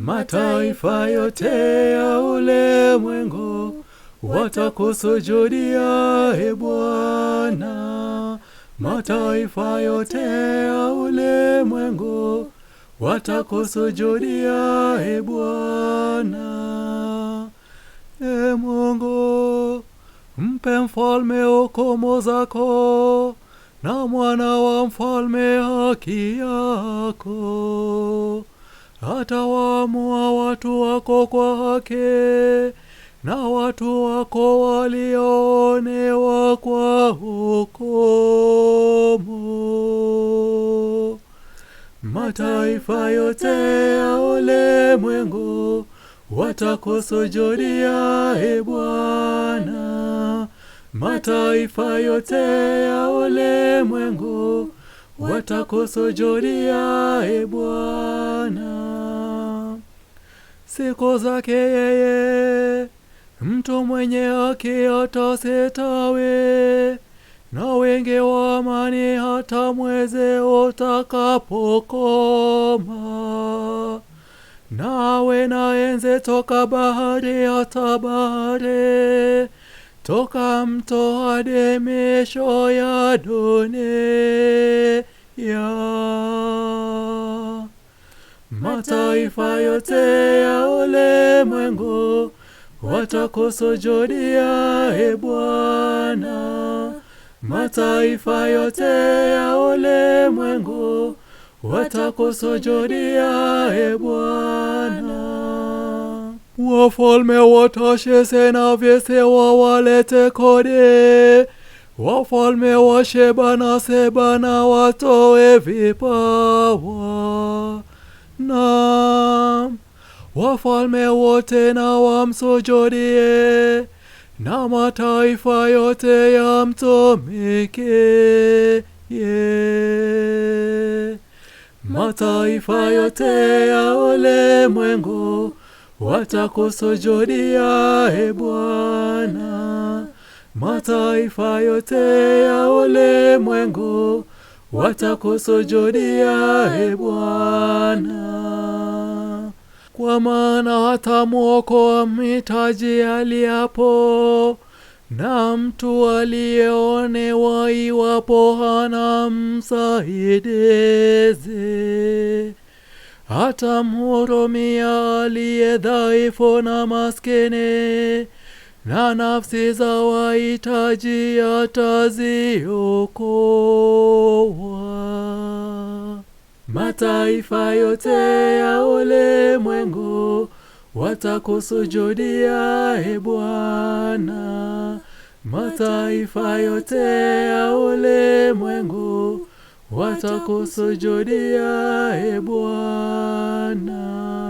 mataifa yote ya ulimwengu watakusujudia, e Bwana. Mataifa yote ya ulimwengu watakusujudia, e Bwana. E Mungu, mpe mfalme hukumu zako na mwana wa mfalme haki yako atawaamua watu wako kwa hake na watu wako walioonewa kwa hukumu. Mataifa yote ya ulimwengu watakusujudia, e Bwana. Mataifa yote ya ulimwengu watakusujudia, e Bwana siku zake yeye. Mtu mwenye akioto sitawi, na wingi wa amani hata mwezi utakapokoma. Nawe na enzi toka bahari hata bahari, toka mto hadi misho ya dunia. Mataifa yote ya ulimwengu watakusujudia, e Bwana. Mataifa yote ya ulimwengu watakusujudia, e Bwana. Wafalme watashe na visiwa walete kodi, wafalme wa Sheba na Seba na vipawa wafalme wote na wamsujudie, na mataifa yote yamtumikie. Mataifa yote ya ulimwengu watakusujudia, e Bwana. Mataifa yote ya ulimwengu watakusujudia, e Bwana kwa maana hatamwokoa mhitaji aliapo na mtu aliyeonewa iwapo hana msaidizi hatamhurumia aliye dhaifu na maskini na nafsi za wahitaji ataziokoa mataifa yote yao ulimwengu watakusujudia, e Bwana. Mataifa yote ya ulimwengu watakusujudia, e Bwana.